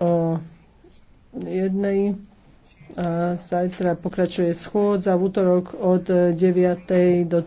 o jednej a zajtra pokračuje schôdza v útorok od 9. do